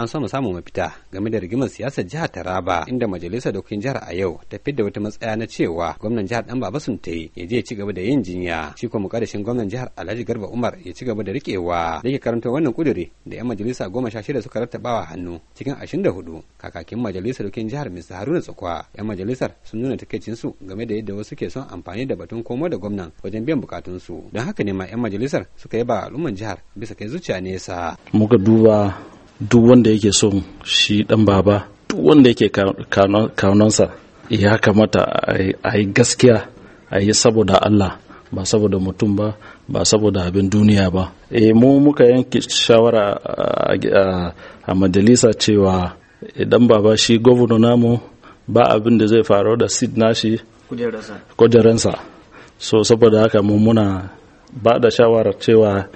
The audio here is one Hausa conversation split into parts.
an sama samun mafita game da rigimar siyasar jihar Taraba inda majalisar dokokin jihar a yau ta fidda wata matsaya na cewa gwamnan jihar Dan Baba yi ya je ci gaba da yin jinya shi kuma mukaddashin gwamnan jihar Alhaji Garba Umar ya ci gaba da rikewa da ke karanta wannan kuduri da yan majalisa goma sha shida suka rattabawa hannu cikin ashirin da hudu kakakin majalisar dokokin jihar Mr Haruna Tsakwa yan majalisar sun nuna takeicin su game da yadda wasu ke son amfani da batun komo da gwamnan wajen biyan bukatun su don haka ne ma yan majalisar suka yaba al'umman jihar bisa kai zuciya nesa muka duba duk wanda yake son shi dan baba duk wanda yake kaunansa ya kamata a yi gaskiya a yi saboda Allah ba saboda mutum ba ba saboda abin duniya ba e mu muka yanke shawara a majalisa cewa idan eh, baba shi gwamna namu ba abin da zai faru da sid nashi kujeransa so saboda haka mu muna ba da shawara cewa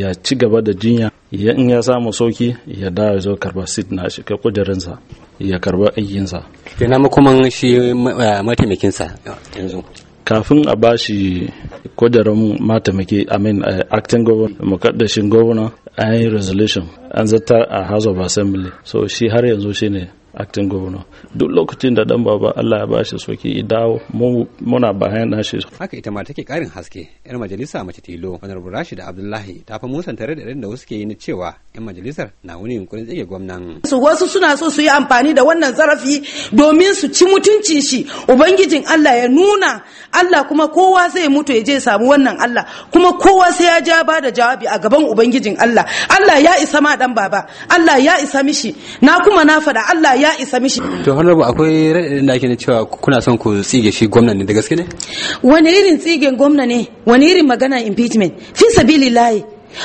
ya ci gaba da jinya in ya samu sauki ya dawo ya zo karba sit na shi kai sa ya karba aikinsa kenan kuma shi eh, sa yanzu kafin a ba shi kudirin mataimaki amin eh, acting governor mukaddashin governor an yi resolution an zata a house of assembly so shi har yanzu shine acting governor duk lokacin da dan baba Allah ya bashi soki dawo muna bayan nashi haka ita ma take karin haske yar majalisa mace tilo honorable rashid Abdullahi ta fa musanta da da wasu ke yi na cewa 'yan majalisar na wani yunkurin tsige gwamnan. su wasu suna so su yi amfani da wannan zarafi domin su ci mutuncin shi ubangijin allah ya nuna allah kuma kowa zai mutu ya je samu wannan allah kuma kowa sai ya ja ba da jawabi a gaban ubangijin allah allah ya isa ma dan baba allah ya isa mishi na kuma na faɗa allah ya isa mishi. to honorable akwai raɗaɗin da ake cewa kuna son ku tsige shi gwamnan ne da gaske ne. wani irin tsigen gwamna ne wani irin magana impeachment fi sabili layi.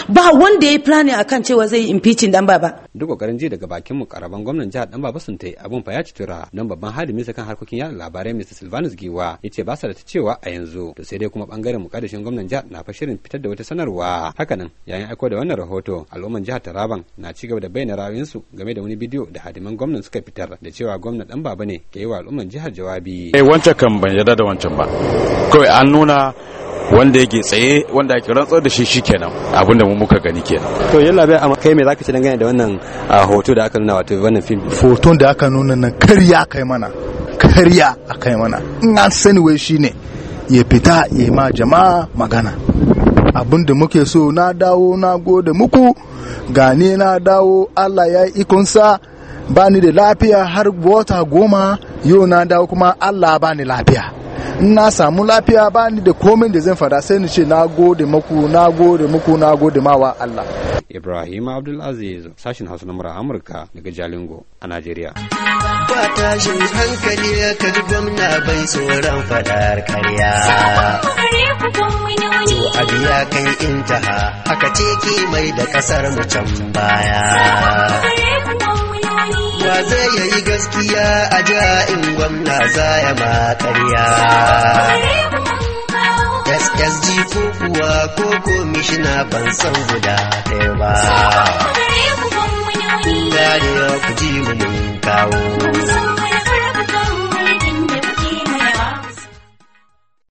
ba wanda ya yi planning kan cewa zai yi impeaching dan baba duk kokarin ji daga bakin mu karaban gwamnan jihar dan baba sun tai abun fa ya ci tura nan babban sa kan harkokin yada labarai Mr. Silvanus Giwa ya ce ba sa da ta cewa a yanzu to sai dai kuma bangaren mukaddashin gwamnan jihar na fa shirin fitar da wata sanarwa hakanan yayin aiko da wannan rahoto al'umman jihar Taraban na ci gaba da bayyana su game da wani bidiyo da hadiman gwamnan suka fitar da cewa gwamnan dan baba ne ke yi wa al'umman jihar jawabi eh wancan kan ban yarda da wancan ba kawai an nuna wanda yake tsaye wanda ake rantsar da shi shikenan abin da mu muka gani kenan to yalla bai amma kai me zaka ci dangane da wannan hoto da aka nuna wato wannan film hoton da aka nuna nan karya kai mana karya akai mana in an sani wai shine ya fita ya ma jama'a magana abin da muke so na dawo na gode muku gane na dawo allah ya yi ikonsa ba ni da lafiya har wata goma yau na dawo kuma allah ba ni lafiya in na samu lafiya ba ni da komai da zan fada sai ni ce na gode maku na gode muku na gode mawa Allah Ibrahim Abdulaziz sashin Hausa na Amurka daga Jalingo a Najeriya ba shin hankali ya ji gwamna bai tsoron fadar karya to abiya kan intaha aka ce ki mai da kasar mu can baya wa zai yayi gaskiya a ja'in gwamna za ya makarya ssg ko kuwa ko komishina ban san guda ɗaya ba gane ku ji mu mun kawo